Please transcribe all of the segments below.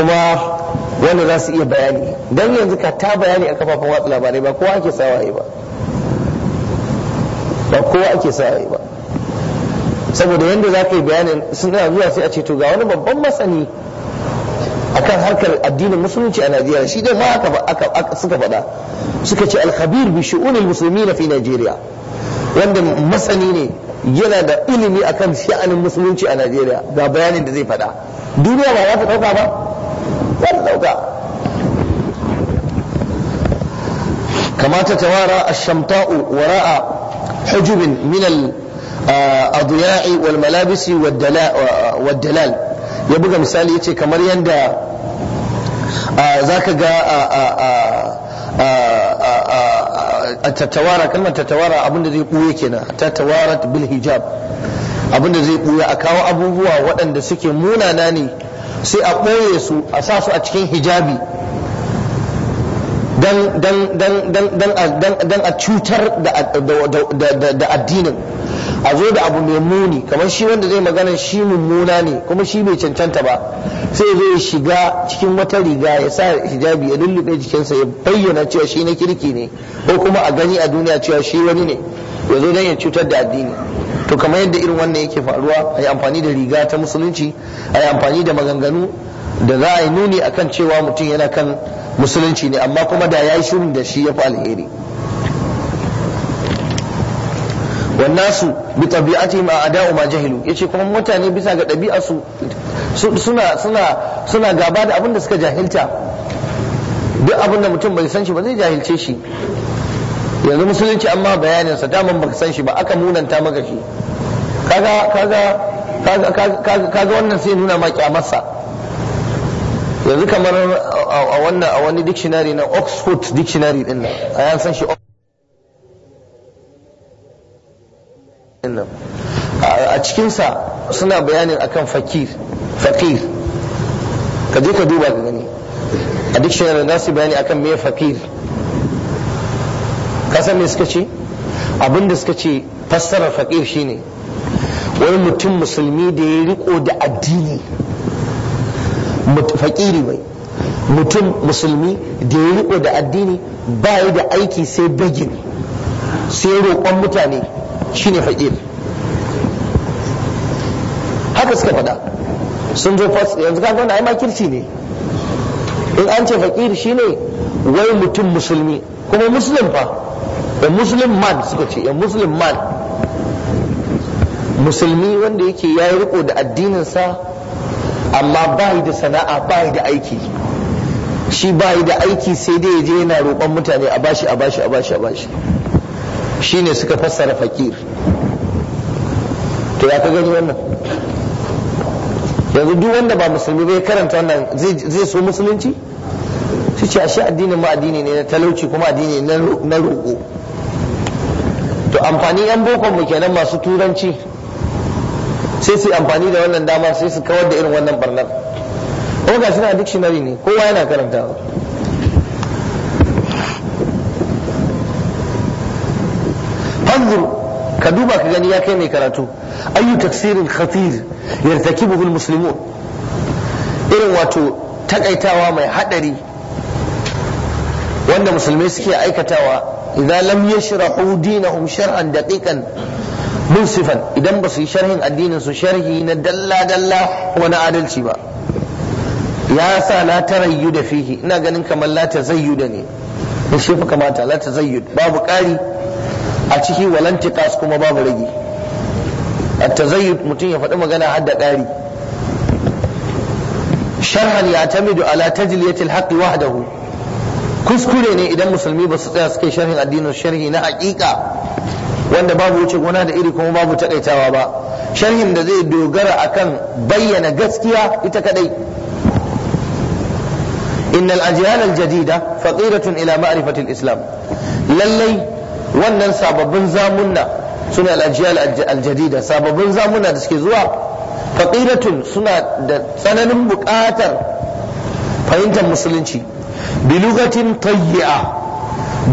kuma wanda za su iya bayani don yanzu ka ta bayani a kafafen watsa labarai ba kowa ake sawaye ba ba kowa ake sawaye ba saboda yadda za ka yi bayanin suna zuwa sai a ce to ga wani babban masani akan harkar addinin musulunci a Najeriya shi da ma aka suka faɗa suka ce alkhabir bi musulmi na fi Najeriya wanda masani ne yana da ilimi akan sha'anin musulunci a Najeriya ga bayanin da zai faɗa duniya ba za ta ɗauka ba za ta dauka kamata tawara ashamta'u wara'a hujubin min al-adiya'i ah, wal malabisi wad dalal ya buga misali yace kamar yanda ah, zaka ga ah, a a kalmar tattawara abinda zai buye kenan bil hijab abinda zai buya a kawo abubuwa waɗanda suke munana ne sai a ɓoye su a sa su a cikin hijabi don a cutar da addinin a zo da abu mai muni kamar shi wanda zai magana shi mummuna ne kuma shi bai cancanta ba sai zai shiga cikin wata riga ya sa hijabi ya lullube jikinsa ya bayyana cewa shi na kirki ne ko kuma a gani a duniya cewa shi wani ne ya zo don ya cutar da addini to kamar yadda irin wannan yake faruwa a yi amfani da riga ta musulunci a yi amfani da maganganu da za a yi nuni kan cewa mutum yana kan musulunci ne amma kuma da ya yi shirin da shi ya fi alheri والناس بطبيعتهم اعداء ma جهلوا yace kuma mutane bisa ga ɗabi'arsu suna suna gaba da abin da suka jahilta duk abin da mutum bai san shi ba zai jahilce shi yanzu musulunci amma bayanin sa daman baka san shi ba aka munanta maka shi kaga kaga kaga kaga wannan sai nuna ma kyamarsa yanzu kamar a wannan a wani dictionary na Oxford dictionary din nan a yan san shi a cikinsa suna bayanin akan fakir fakir ka je ka duba ka gani a dictionary za su bayani akan me fakir kasan me suka ce abin da suka ce fassarar faƙir shine wani mutum musulmi da ya riko da addini faƙiri mai mutum musulmi da ya riko da addini ba yi da aiki sai begin sai roƙon mutane shine faƙir haka suka faɗa sun zo yanzu kaga wani ai makirci ne in an ce faƙir shine wai mutum musulmi kuma musulun fa a muslim man suka ce a muslim man musulmi wanda yake ya yi riko da addininsa amma ba da sana'a ba da aiki shi ba da aiki sai dai ya je yana roƙon mutane a bashi a bashi a bashi a bashi shi ne suka fassara fakir to ya ka gani wannan yanzu duk wanda ba musulmi bai karanta wannan zai so musulunci su ce ashe addinin ma addini ne na talauci kuma addini na roƙo amfani yan bokon mu kenan masu turanci sai su amfani da wannan dama sai su kawar da irin wannan barnar kuma ga suna dictionary ne kowa yana karanta hanzur ka duba ka gani ya kai mai karatu ayu tafsirin khatir yartakibuhu almuslimun irin wato takaitawa mai hadari wanda musulmai suke aikatawa idza lam yashrahu dinahum shar'an daqiqan munsifan idan basu yi sharhin addinin su sharhi na dalla ko na adalci ba ya sa la tarayyu da fihi ina ganin kamar la tazayyu da ne da shi fa kamata la tazayyu babu ƙari a ciki walantiqas kuma babu rage at tazayyud mutum ya faɗi magana har da ƙari sharhan ya tamidu ala tajliyatil haqqi wahdahu kuskure ne idan musulmi ba su tsaya suke sharhin addinin sharhi na hakika wanda babu wuce gona da iri kuma babu takaitawa ba sharhin da zai dogara akan bayyana gaskiya ita kadai إن الأجيال الجديدة فقيرة إلى معرفة islam." Lallai wannan sababbin zamunna suna al'ajiyar aljadida sababbin zamunna da suke zuwa faqiratun suna da tsananin buƙatar fahimtar musulunci bilugatin lugatin tayyi'a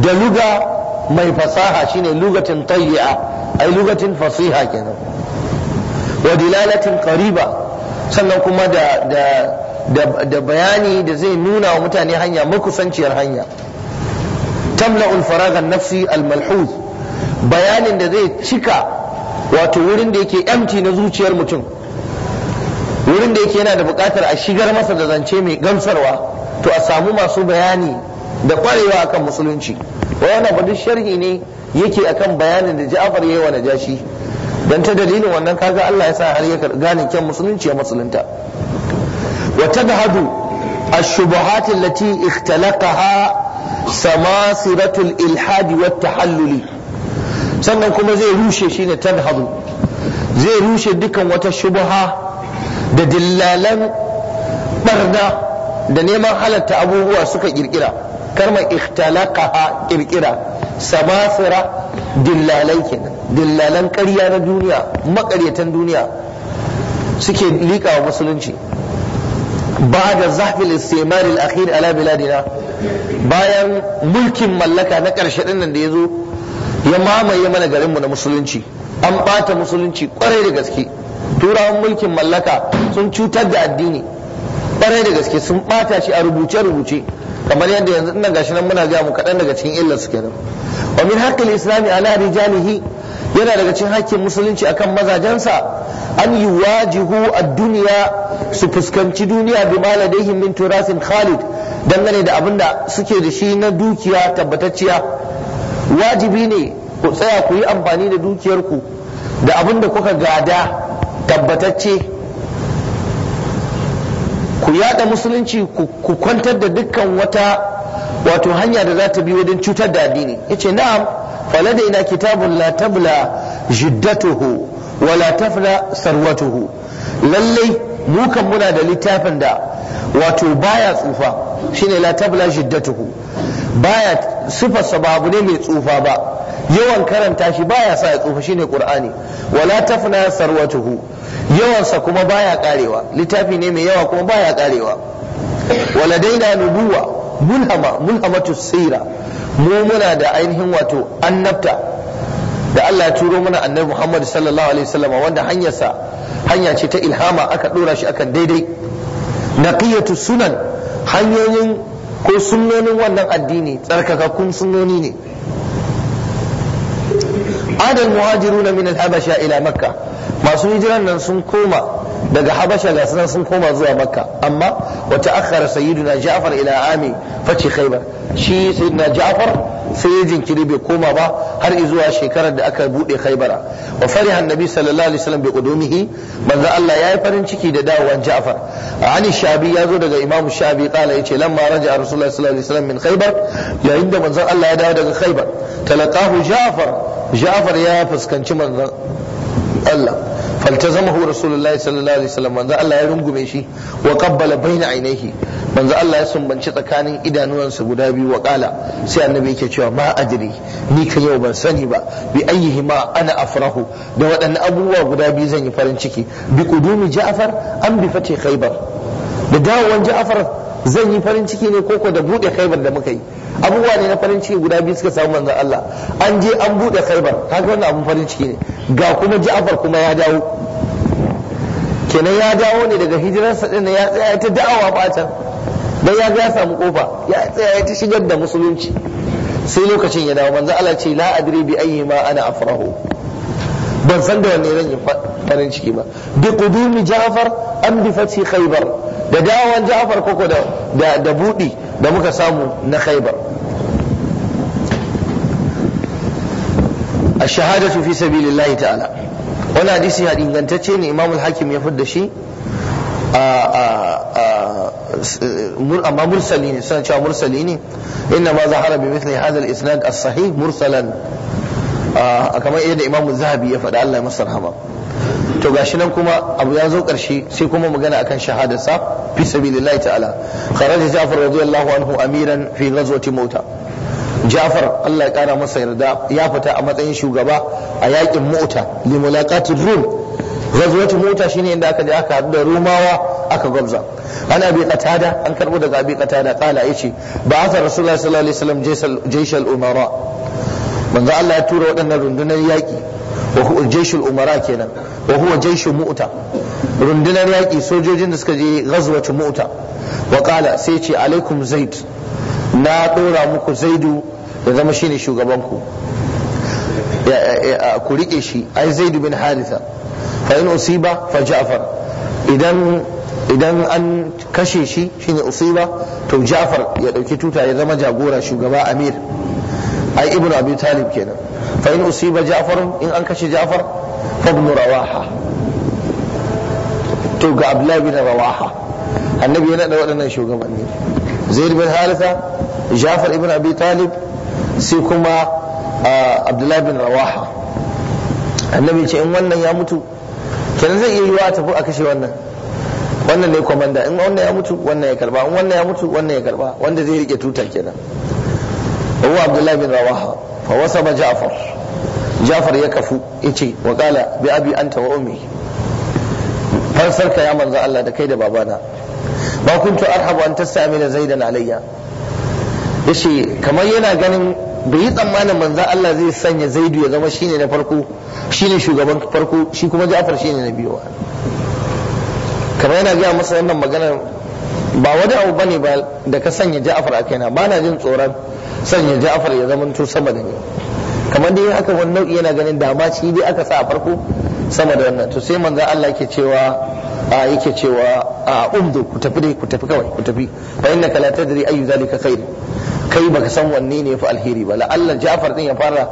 da luga mai fasaha shine lugatin tayyi'a ai lugatin fasiha kenan wa dilalatin qariba sannan kuma da da da, bayani da zai nuna wa mutane hanya makusanciyar hanya tamla'ul faragan nafsi al-malhuz bayanin da zai cika wato wurin da yake empty na zuciyar mutum wurin da yake yana da bukatar a shigar masa da zance mai gamsarwa to a samu masu bayani da kwarewa akan musulunci wannan ba duk sharhi ne yake akan bayanin da Ja'far yayi wa Najashi dan ta dalilin wannan kaga Allah ya sa har ya gane kyan musulunci ya musulunta wa tadhadu ash-shubuhat allati ikhtalaqaha samasiratul ilhadi wat tahalluli sannan kuma zai rushe shine tadhadu zai rushe dukan wata shubuha da dillalan ɓarna. da neman halatta abubuwa suka kirkira ikhtalaka ha kirkira samasira dillalai kenan dillalan ƙarya na duniya maƙaryatan duniya suke liƙa wa musulunci ba da zahfil istimari al-akhir ala biladina bayan mulkin mallaka na ƙarshe ɗin nan da ya zo ya mamaye mana garinmu na musulunci an ɓata musulunci kwarai da gaske turawan mulkin mallaka sun cutar da addini kwarai da gaske sun bata shi a rubuce rubuce kamar yadda yanzu ina gashi nan muna ga mu kaɗan daga cikin illar su kenan wa min haqqil islami ala rijalihi yana daga cikin haƙƙin musulunci akan mazajensa an yi wajihu a duniya su fuskanci duniya bi maladaihi min turasin khalid dangane da abin da suke da shi na dukiya tabbatacciya wajibi ne ku tsaya ku yi amfani da dukiyarku da abin da kuka gada tabbatacce ku yada musulunci ku kwantar da dukkan wata wato hanya da za ta bi wajen cutar da addini yace na'am da ina kitabun la tabla jiddatuhu wa la sarwatuhu lallai mu muna da littafin da wato baya tsufa shine la tabla jiddatuhu baya sifarsa ba abu ne mai tsufa ba yawan karanta shi baya sa ya tsufa shine qur'ani Wa tafna sarwatuhu yawansa kuma baya karewa littafi ne mai yawa kuma baya karewa waladaina nubuwa mulhama mulhamatu sira mu muna da ainihin wato annabta da Allah ya turo mana annabi Muhammad sallallahu alaihi wasallam wanda hanyarsa hanya ce ta ilhama aka dora shi akan daidai naqiyatu sunan hanyoyin ko sunnonin wannan addini tsarkakakkun sunnoni ne adal muhajiruna min al-habasha ila makkah masu hijiran nan sun koma daga habasha ga sunan sun koma zuwa makka amma wata akhara sayyiduna ja'far ila ami fati khaybar shi sayyiduna ja'far sai ya jinkiri bai koma ba har zuwa shekarar da aka bude khaybara wa fariha annabi sallallahu alaihi wasallam bi qudumihi manzo Allah yayi farin ciki da dawowan ja'far ani shabi ya zo daga imam shabi kala yace lamma raja'a rasulullahi sallallahu alaihi wasallam min khaybar yayin da manzo Allah ya dawo daga khaybar talaqahu ja'far ja'far ya fuskanci manzo Allah faltazamahu rasulullahi sallallahu alaihi wasallam manzo Allah ya rungume shi wa qabbala baina ainihi manzo Allah ya sumbanci tsakanin idanuwansa guda biyu wa qala sai annabi yake cewa ma adri ni ka yau ban sani ba bi ayyihi ma ana afrahu da waɗannan abubuwa guda biyu zan yi farin ciki bi qudumi ja'far am bi fati khaybar da dawowan ja'far zan yi farin ciki ne koko da bude khaybar da muka yi abubuwa ne na farin ciki guda biyu suka samu manzon Allah an je an bude Khaibar kaga wannan abun farin ciki ne ga kuma Ja'far kuma ya dawo kenan ya dawo ne daga hijirarsa din ya tsaya ta da'awa ba ta dan ya ga ya samu kofa ya tsaya ta shigar da musulunci sai lokacin ya dawo manzo Allah ce la adri bi ayyi ma ana afrahu ban san da wanne zan yi farin ciki ba bi qudumi Ja'far am bi fathi Khaibar da dawon Ja'far koko da da budi da muka samu na khaibar الشهادة في سبيل الله تعالى wani hadisi ya ingantacce ne imam hakim ya fidda shi amma mursali ne suna cewa mursali ne inna ma zahara bi mithli hadha al-isnad as-sahih mursalan kamar yadda imam zahabi ya faɗa Allah ya masa rahama to gashi nan kuma abu ya zo karshe sai kuma magana akan shahadarsa fi sabilillahi ta'ala kharaja Ja'far radiyallahu anhu amiran fi ghazwati Mauta Ja'far Allah ya kara masa yarda ya fita a matsayin shugaba a yakin Mauta li mulaqati Rum ghazwati Mauta shine inda aka je aka haɗu da Rumawa aka gwabza an abi qatada an karbo daga abi qatada kala yace ba'atha rasulullahi sallallahu alaihi wasallam jaysal umara manzo Allah ya tura waɗannan rundunar yaƙi wa huwa jaishul umara kenan wa huwa jaishul mu'ta rundunar yaƙi sojojin da suka je ghazwatu mu'ta wa qala sai ce alaikum zaid na dora muku zaidu ya zama shine shugabanku ku rike shi ai zaidu bin haritha fa in usiba fa ja'far idan idan an kashe shi shine usiba to ja'far ya dauki tuta ya zama jagora shugaba amir ai ibnu abi talib kenan fa in usiba ja'far in an kashe ja'far fa ibn rawaha to ga abdullahi bin rawaha annabi yana da waɗannan shugabanni zaid bin haritha ja'far ibn abi talib sai kuma abdullahi bin rawaha annabi ce in wannan ya mutu kenan zai iya yiwa a tafi a kashe wannan wannan ne komanda in wannan ya mutu wannan ya karba in wannan ya mutu wannan ya karba wanda zai rike tuta kenan هو عبد الله بن رواحة فوصم جعفر جعفر يكفو إيشي وقال بأبي أنت وأمي فانصرك ya من Allah da kai da babana ba kuntu arhabu an tastamila zaidan alayya yace kamar yana ganin bai yi tsammanin manzo Allah zai sanya zaidu ya zama shine na farko shine shugaban farko shi kuma Ja'far shine na biyu kamar yana gaya masa wannan maganar ba wani abu bane ba da ka sanya Ja'far a kaina ba na jin tsoron sanya ja'far ya zama zamanto sama da ni kamar dai haka wani nau'i yana ganin dama shi dai aka sa a farko sama da wannan to sai manzo Allah yake cewa a yake cewa a umdu ku tafi dai ku tafi kawai ku tafi fa innaka la tadri ayu zalika khair kai baka san wanne ne fi alheri ba la'alla Ja'far din ya fara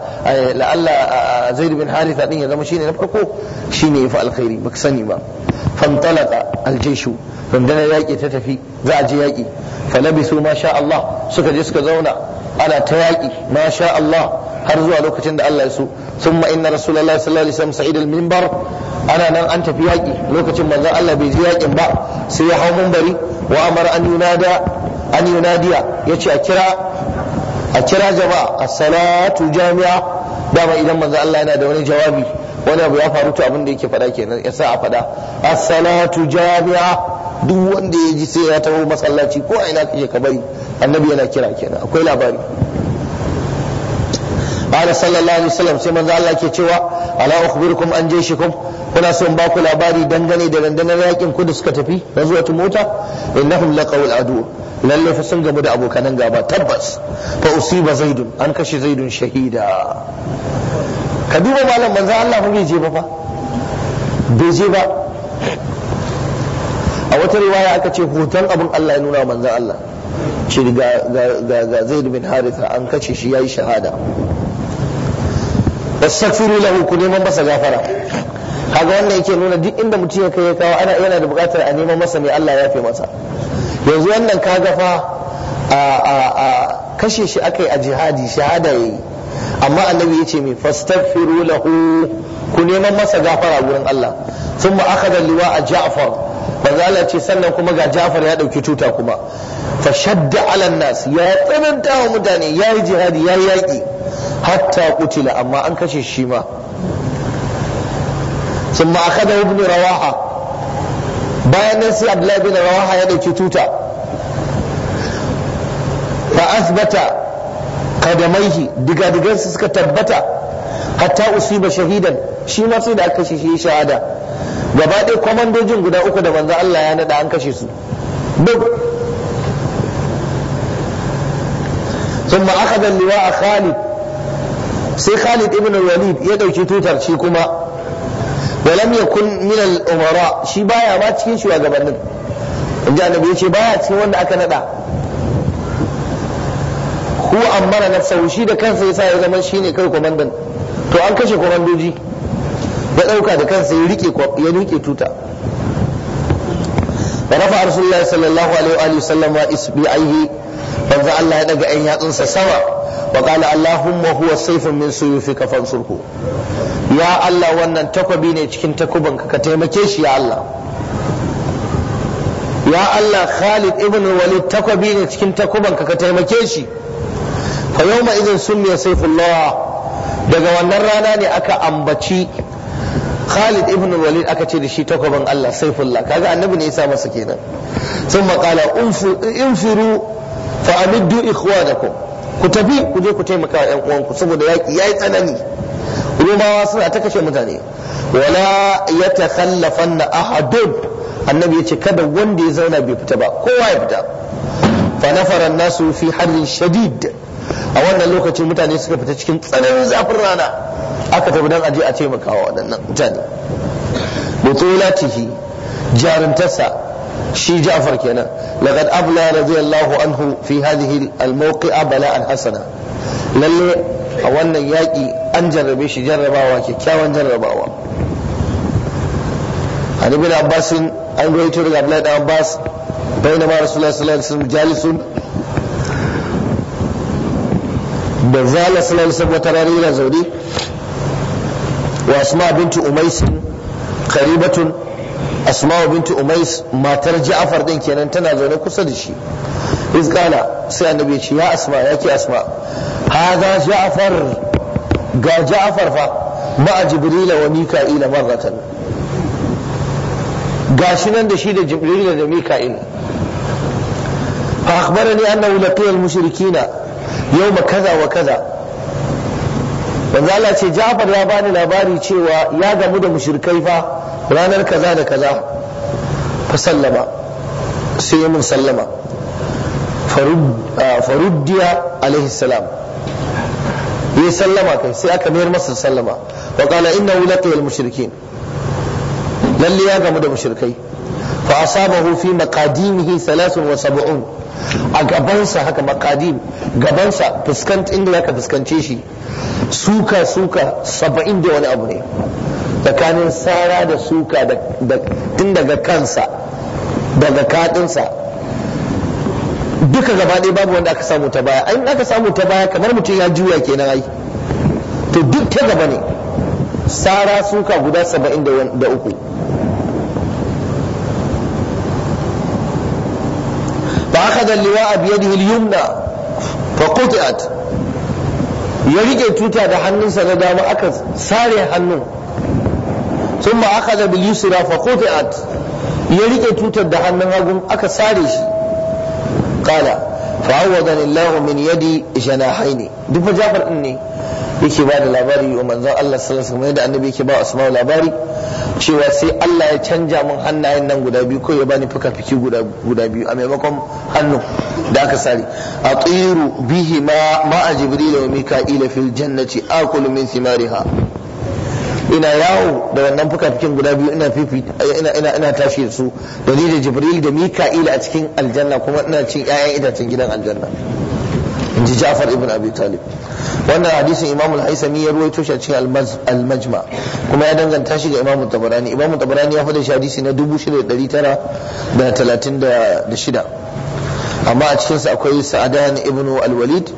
la'alla Zaid bin Haritha din ya zama shine na farko shine yafi alkhairi baka sani ba fantalaqa aljayshu rundunar yaƙi ta tafi za a je yaƙi falabisu ma sha Allah suka je suka zauna ana ta yaƙi masha Allah har zuwa lokacin da Allah ya so sun ma inna rasulullahi sallallahu alaihi wasallam sa'id al-minbar ana nan an tafi yaƙi lokacin manzon Allah bai je yaƙin ba sai ya hau minbari wa amara an yunada an yunadiya yace a kira a kira jama'a as-salatu jami'a dama idan manzon Allah yana da wani jawabi wani abu ya faru to abin da yake faɗa kenan ya sa a faɗa as-salatu jami'a duk wanda ya ji sai ya taho masallaci ko a ina kake ka bari annabi yana kira kenan akwai labari ala sallallahu alaihi wasallam sai manzo Allah ke cewa ala ukhbirukum an jayshikum kuna son ba ku labari dangane da dandanar yakin ku da suka tafi da zuwa mota innahum laqawul adu lalle fa sun gamu da abokanan gaba tabbas fa usiba zaidun an kashe zaidun shahida ka duba malam manzo Allah ba bai je ba fa bai je ba a wata riwaya aka ce hoton abin Allah ya nuna manzo Allah ce ga zaid bin haritha an kace shi ya yi shahada wastaghfiru lahu ku neman masa gafara kaga wannan yake nuna duk inda mutum ya kai kawo ana yana da bukatar a neman masa mai Allah ya fi masa yanzu wannan kaga fa a kashe shi aka yi a jihadi shahada ya yi. amma annabi ce me fastaghfiru lahu ku neman masa gafara wurin Allah thumma akhadha liwa a Ja'far manzo Allah ce sannan kuma ga Ja'far ya dauki tuta kuma fa shadda ala nas ya tsananta wa mutane ya yi jihadi ya yaƙi hatta kutila amma an kashe shi ma ثم أخذه ابن رواحة bayan nan sai Abdullahi bin Rawaha ya dauki tuta fa asbata kadamaihi digadigan su suka tabbata hatta usiba shahidan shi ma sai da aka kashe shi shahada gaba ɗaya kwamandojin guda uku da manzo Allah ya nada an kashe su duk ثم أخذ اللواء خالد سي خالد ابن الوليد يدعو توتر شي كما ولم يكن من الأمراء شي بايا ما تشكين شو أقبل إن جاء النبي شي بايا تشكين وانا أكندا هو أمر نفسه شي ده كان سيسا يزمن شي نكر كومندن تو أنكش كومندوجي ya ɗauka da kansa ya rike tuta da rafa rasulullahi sallallahu alaihi wa sallam wa isbi'aihi manzo Allah ya daga ɗan yatsunsa sama wa qala allahumma huwa sayfun min suyufika fansurhu ya Allah wannan takwabi ne cikin takubanka ka taimake shi ya Allah ya Allah Khalid ibn Walid takwabi ne cikin takubanka ka taimake shi fa yawma idin summiya sayfullah daga wannan rana ne aka ambaci Khalid ibn Walid aka ce da shi takwaban Allah sayfullah kaga annabi ne ya sa masa kenan sun maƙala infiru fa amiddu ikhwanakum ku tafi ku je ku taimaka wa 'yan uwanku saboda yaƙi ya yi tsanani rumawa suna ta kashe mutane wala ya takhallafan na ahadun annabi ya ce kada wanda ya zauna bai fita ba kowa ya fita fa nafara nasu fi harin shadid a wannan lokacin mutane suka fita cikin tsananin zafin rana aka tafi dan aje a taimaka wa waɗannan mutane butulatihi jaruntarsa shi Ja'far kenan laqad abla radiyallahu anhu fi hadhihi al-mawqi'a bala'an hasana lalle a wannan yaƙi an jarrabe shi jarrabawa kyakkyawan jarrabawa an ibn Abbas an rawaito daga Abdullah ibn Abbas bainama Rasulullah sallallahu alaihi wasallam jalisun da zala sallallahu alaihi wasallam wata rana yana zaune wa Asma bintu asma'u binti umais matar ja'far din kenan tana zaune kusa da shi izkala sai annabi ya ce ya asma ya ke asma hada ja'far ga ja'far fa ma jibrila wa mika'il marratan gashi nan da shi da jibrila da mika'il fa akhbarani annahu laqiya al-mushrikina yawma kaza wa kaza manzo Allah ce Ja'far ya bani labari cewa ya gamu da mushrikai fa ranar kaza da kaza fa sallama sai ya mun sallama faruddiya alaihi salam ya sallama kai sai aka mayar masa sallama wa qala innahu laqiya al-mushrikeen lalle ya gamu da mushrikai fa asabahu fi maqadimihi 73 a gabansa haka maqadim gabansa fuskant inda zaka fuskance shi suka suka saba'in da wani abu ne tsakanin sara da suka tun daga kansa daga kaɗinsa duka gaba ɗaya babu wanda aka samu ta baya in aka samu ta baya kamar mutum ya juya kenan ai to duk ta gaba ne sara suka guda saba'in da uku فأخذ اللواء بيده اليمنى فقطعت ya rike tuta da hannunsa na dama aka sare hannun sun ma aka da bilisira fa quti'at ya rike tutar da hannun hagu aka sare shi kala fa'awadani Allahu min yadi janahaini duk majafar Jafar din ne yake ba da labari wa manzon Allah sallallahu alaihi da annabi yake ba Asma'u labari cewa sai Allah ya canja min hannayen nan guda biyu ko ya bani fuka-fiki guda biyu a maimakon hannu da aka sare atiru bihi ma ma ajibril wa mika'il fil jannati akulu min thimariha ina yawo da wannan fuka-fikin guda biyu ina fifi ina ina ina tashi da su da ni da jibril da mika'il a cikin aljanna kuma ina cin 'ya'yan itacen gidan aljanna inji Ja'far ibn Abi Talib wannan hadisin imam al-haisami ya ruwaito shi a cikin al-majma kuma ya danganta shi ga imam tabarani imam tabarani ya fada shi hadisi na 6936 amma a cikinsa akwai sa'adan ibnu al-walid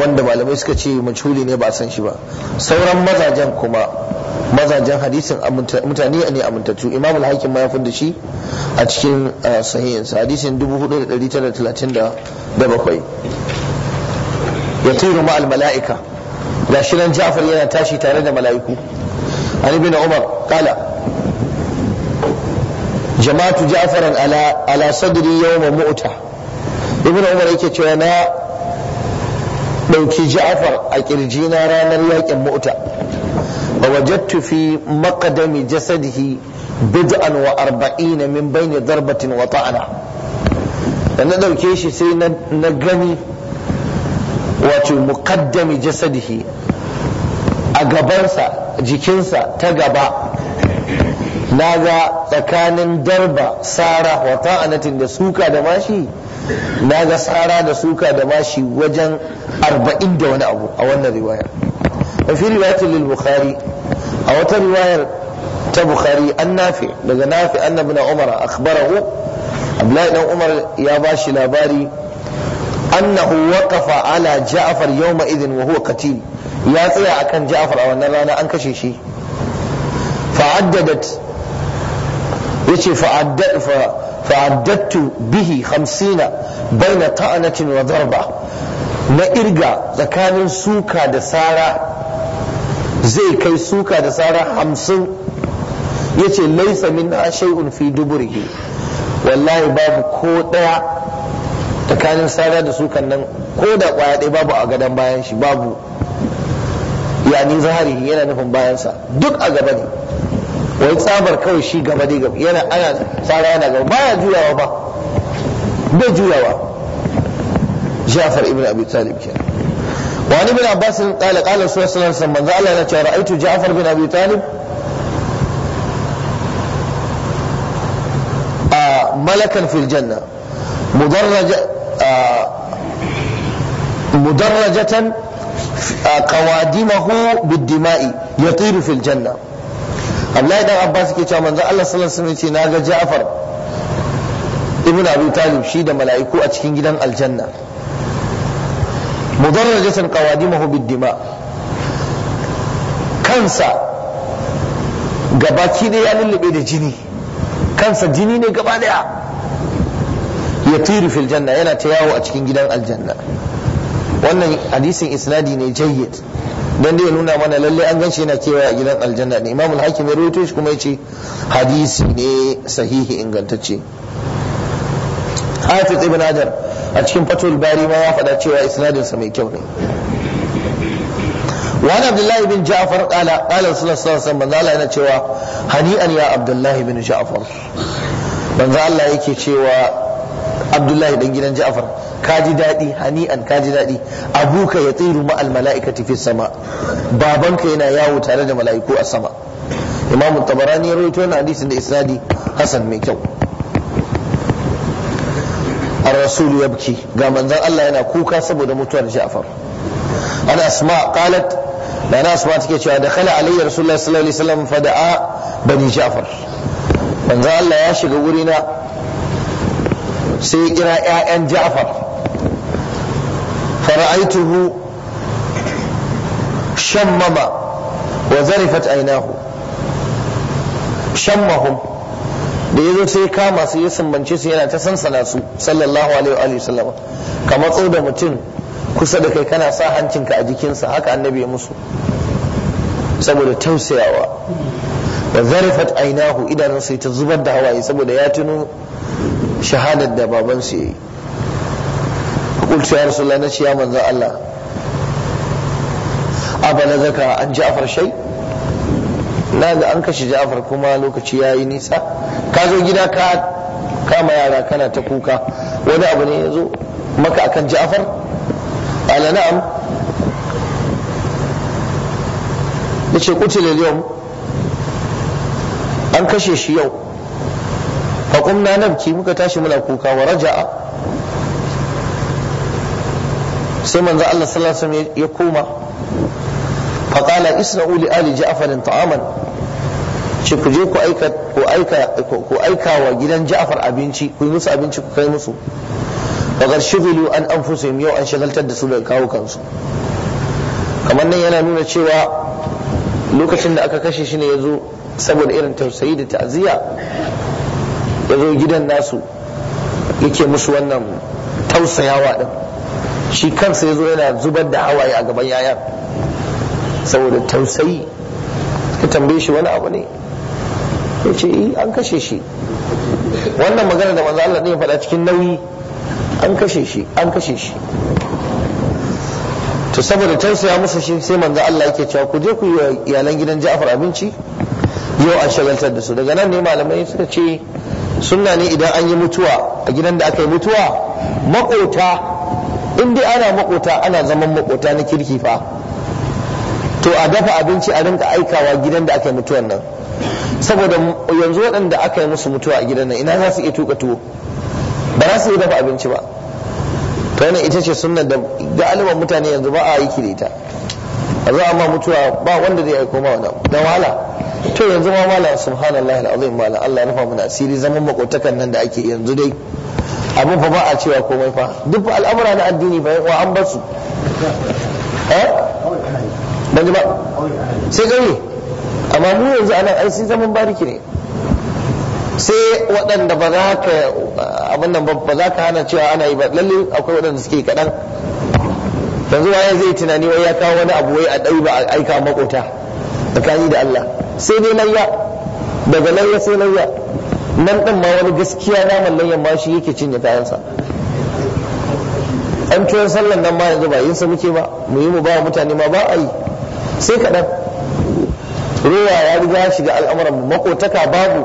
wanda malamai suka ce majhuli ne ba a san shi ba sauran mazajen kuma mazajen hadisin mutane ne amintattu imam al-hakim ma ya fada shi a cikin sahihinsa hadisin 4937 ya tiru ma mala'ika ga shi nan Ja'far yana tashi tare da mala'iku an ibn Umar kala jama'atu Ja'faran ala ala sadri yawm mu'ta ibn Umar yake cewa na dauki Ja'far a kirji na ranar yakin mu'ta wa wajadtu fi maqdami jasadihi bid'an wa arba'ina min bayni darbatin wa ta'ana da na dauke shi sai na gani wato muqaddami jasadihi a gabansa jikinsa ta gaba na ga tsakanin darba sara wata anatin da suka da mashi na ga tsara da suka da mashi wajen arba'in da wani abu a wannan riwayar a fi riwayatin bukhari a wata riwayar ta bukhari an nafi daga nafi annabi na umar akhbarahu abdullahi dan umar ya bashi labari annahu waqafa fa'ala ja'far yawma idin wa huwa ya tsaya akan ja'far a wannan rana an kashe shi fa'addadat yace fa'addat fa'addattu bihi 50 baina ta'anatin wa darba na irga tsakanin suka da sara zai kai suka da sara hamsin Yace ce laisa min shay'un fi duburihi wallahi babu ko ɗaya tsakanin sara da sukan nan ko da kwaya ɗaya babu a gadon bayan shi babu yani zahari yana nufin bayansa duk a gaba ne wai tsabar kawai shi gaba dai gaba yana ana tsara yana gaba baya juyawa ba bai juyawa Jafar ibn Abi Talib kenan wa ni bin Abbas qala qala Rasulullah sallallahu alaihi wasallam Allah yana cewa ra'aitu Ja'far bin Abi Talib A malakan fil janna mudarraja مدرجة قوادمه بالدماء يطير في الجنة Abdullahi dan Abbas ke cewa manzo Allah sallallahu alaihi wasallam ce na ga Ja'far ibn Abi Talib shi da mala'iku a cikin gidan aljanna mudarrajatan qawadimahu bid-dima kansa gabaki ne ya lullube da jini kansa jini ne gaba daya ya tiru fil janna yana ta yawo a cikin gidan aljanna wannan hadisin isnadi ne jayyid dan dai nuna mana lalle an ganshi yana kewa a gidan aljanna ne imamul hakim ya rawaito shi kuma yace hadisi ne sahihi ingantacce hafiz ibn hajar a cikin fatul bari ma ya faɗa cewa isnadin sa mai kyau ne وعن عبد الله بن جعفر قال قال رسول الله صلى الله عليه وسلم قال انا cewa هنيئا يا عبد الله بن جعفر manzo Allah yake cewa abdullahi dan gidan ja'far kaji daɗi hani'an kaji daɗi abuka ya tsiru ma al mala'ikati fi sama babanka yana yawo tare da mala'iku a sama imam tabarani ya rawaito wannan hadisin da isnadi hasan mai kyau الرسول يبكي قام انزل الله ينا كوكا سبب متوار جعفر انا اسماء قالت لنا اسماء تكي دخل علي رسول الله صلى الله عليه وسلم فدعا بني جعفر manzo Allah ya shiga wurina sai ya kira 'ya'yan ja'far fara'aituhu shammama wa zarifat ainahu shammahum da ya zo sai ya kama su ya sumbance su yana ta sansana su sallallahu alaihi wa sallama ka matso da mutum kusa da kai kana sa hancinka a jikinsa haka annabi ya musu saboda tausayawa da zarifat ainahu idanunsa ta zubar da hawaye saboda ya tuno shahadar da babansu ya yi kultu ya rasulullah na ce ya manzan Allah abana zaka an ja'afar shai na ga an kashe ja'afar kuma lokaci ya yi nisa ka zo gida ka kama yara kana ta kuka wani abu ne ya zo maka akan ja'afar? ala na'am da ce kutu an kashe shi yau faƙumna nabki muka tashi muna kuka wa raja'a sai manzo Allah sallallahu ya koma faƙala isna'u uli ali ja'farin ta'aman ce ku je ku aika wa gidan ja'afar abinci ku yi musu abinci ku kai musu wa garshigilu an anfusihim yau an shagaltar da su da kawukansu kamar nan yana nuna cewa lokacin da aka kashe shi ne ya zo saboda irin tausayi da ta'aziyya ya zo gidan nasu yake musu wannan tausayawa din shi kansa ya zo yana zubar da hawaye a gaban yayan saboda tausayi ka tambaye shi wani abu ne ya ce eh, an kashe shi wannan magana da manzo Allah ne ya faɗa cikin nauyi an kashe shi an kashe shi to saboda tausaya musu shi sai manzo Allah yake cewa ku je ku yi iyalan gidan Ja'far abinci yau an shagaltar da su daga nan ne malamai suka ce sunna ne idan an yi mutuwa a gidan da aka yi mutuwa makota in dai ana makota ana zaman makota na kirki fa to a dafa abinci a rinka aikawa gidan da aka yi mutuwan nan saboda yanzu waɗanda aka yi musu mutuwa a gidan nan ina za su iya tuka tuwo ba za su iya dafa abinci ba to wannan ita ce sunnar da galiban mutane yanzu ba a yi kirita a za a ma mutuwa ba wanda zai aiko ma wannan da to yanzu ma mala subhanallahi alazim mala Allah ya rufa mana asiri zaman makotakan nan da ake yanzu dai abin fa ba a cewa komai fa duk fa al'amura na addini fa wa an basu eh ban ba sai gani amma mu yanzu ana ai sai zaman bariki ne sai waɗanda ba za ka abin nan ba za ka hana cewa ana yi ba lalle akwai waɗanda suke kaɗan yanzu waye zai tunani wai ya kawo wani abu wai a ɗau ba a aika makota tsakani da Allah sai dai layya daga layya sai layya nan ɗin ma wani gaskiya naman layyan ma shi yake cinye kayansa an tuwon sallan nan ma yanzu ba yinsa muke ba mu yi mu ba mutane ma ba a yi sai kaɗan ruwa ya riga ya shiga al'amuran mu makotaka babu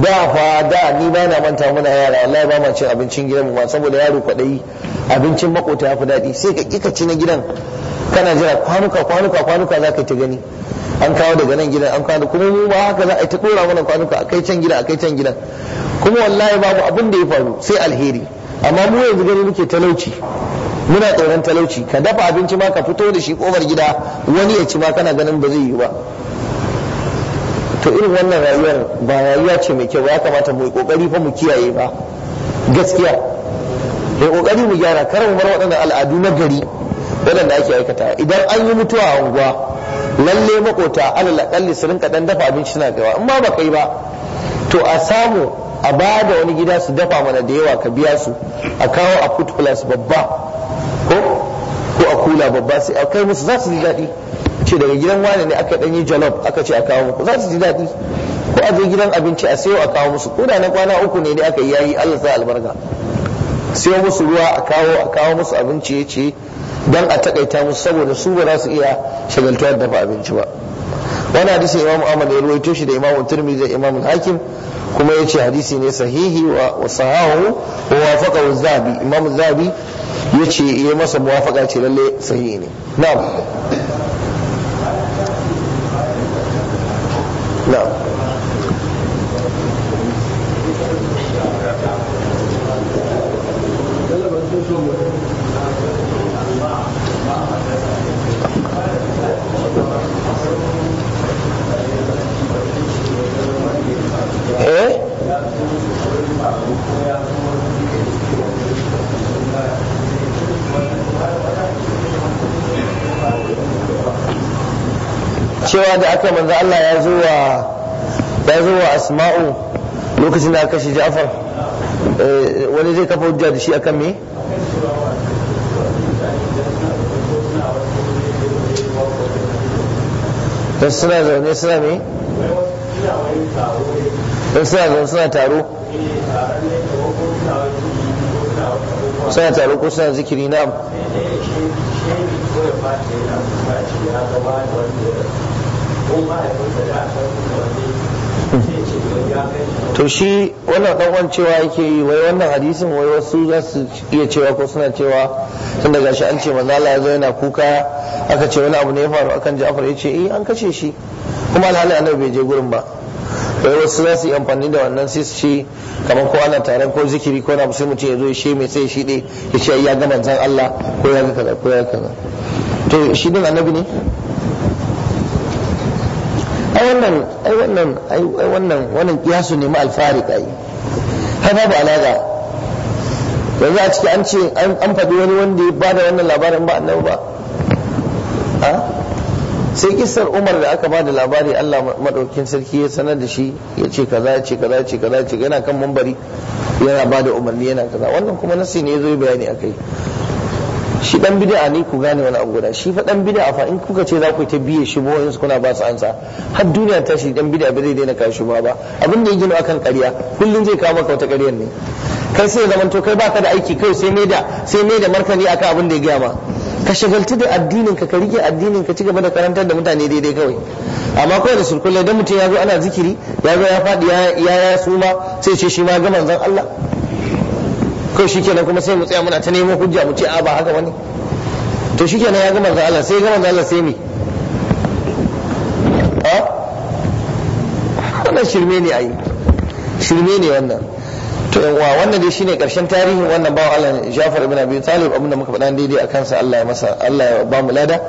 da fa da ni ba na manta muna yara wallahi ba ma cin abincin gidan mu ma saboda yaro kwaɗayi abincin makota ya fi daɗi sai ka kika ci na gidan kana jira kwanuka kwanuka kwanuka za ka ta gani an kawo daga nan gidan an kawo kuma mu ba haka za a ta dora mana kwanuka akai can gidan akai can gidan kuma wallahi babu abin da ya faru sai alheri amma mu yanzu gani muke talauci muna tsoron talauci ka dafa abinci ma ka fito da shi kofar gida wani ya ci ma kana ganin ba zai yi ba to irin wannan rayuwar ba rayuwa ce mai kyau ya kamata mu yi kokari fa mu kiyaye ba gaskiya da kokari mu gyara kar mu bar waɗannan al'adu na gari wadanda ake aikata idan an yi mutuwa a unguwa lalle makota alal akalli su rinka dan dafa abinci suna kaiwa in ma ba kai ba to a samu a ba da wani gida su dafa mana da yawa ka biya su a kawo a put plus babba ko ko a kula babba sai a kai musu za su ji daɗi ce daga gidan wani ne aka ɗan yi jalof aka ce a kawo muku za su ji daɗi ko a je gidan abinci a sayo a kawo musu ko da na kwana uku ne ne aka yi yayi Allah sa albarka sayo musu ruwa a kawo a kawo musu abinci ya ce don a takaita musu saboda su ba za su iya shagaltuwa da dafa abinci ba wani hadisi imamu ahmad ya ruwaito shi da imamu turmi da imamu hakim kuma ya ce hadisi ne sahihi wa sahahu wa wafaka zabi imam zabi ya ce iya masa muwafaka ce lalle sahihi ne na'am na'am Thank you. cewa da aka manzo Allah ya zo wa ya zo wa asma'u lokacin da aka shi Ja'far wani zai kafa hujja da shi akan me don suna zaune suna me don suna zaune suna taro suna taro ko suna zikiri na'am to shi wannan ɗan'uwan cewa yake yi wai wannan hadisin wai wasu za su iya cewa ko suna cewa tun daga shi an ce manzala ya zo yana kuka aka ce wani abu ne ya faru akan ja'far ya ce eh an kashe shi kuma alhali annabi bai je gurin ba wai wasu za su yi amfani da wannan sai su ce kamar ko ana taron ko zikiri ko na sai mutum ya zo ya she mai sai shi ne ya ce ya ga manzan Allah ko ya ga kaza ko ya ga kaza to shi din annabi ne wannan ai wannan ai wannan wannan kiyasu ne ma alfariq ai babu alaga yanzu a ciki an ce an faɗi wani wanda ya bada wannan labarin ba annabi ba sai kisar umar da aka bada labari Allah madaukin sarki ya sanar da shi ya ce kaza ya ce kaza ya ce kaza ya ce yana kan mambari yana bada umarni yana kaza wannan kuma nasi ne ya zo bayani akai shi dan bid'a ne ku gane wani abu guda shi fa dan bid'a fa in kuka ce za ku ta biye shi bawayin su kuna ba su ansa har duniya ta shi dan bid'a ba zai daina kashi ba ba abin da ya gina akan ƙarya kullum zai kawo maka wata ƙaryar ne kai sai zaman to kai baka da aiki kai sai mai da sai mai da martani akan abin da ya gaya ma ka shagalci da addinin ka ka rike addinin ka cigaba da karantar da mutane daidai kawai amma kawai da sulkullai don mutum ya zo ana zikiri ya zo ya faɗi ya ya suma sai ce shi ma ga manzon Allah kai shi kenan kuma sai mu tsaya muna ta nemo hujja mu ce a ba haka wani to shi kenan ya gama manzo Allah sai gama manzo Allah sai a wannan shirme ne ayi shirme ne wannan to wa wannan dai shine karshen tarihin wannan bawan Allah Jafar ibn Abi Talib abin da muka faɗa daidai akan sa Allah ya masa Allah ya ba mu lada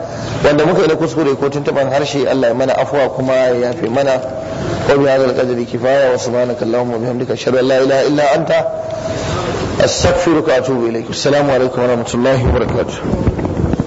wanda muka yi na kuskure ko tuntuban harshe Allah ya mana afwa kuma ya yafe mana wa bi hadha al-qadri kifaya wa subhanaka allahumma wa bihamdika ashhadu an la ilaha illa anta astaghfiruka wa atubu ilaik alaikum rahmatullahi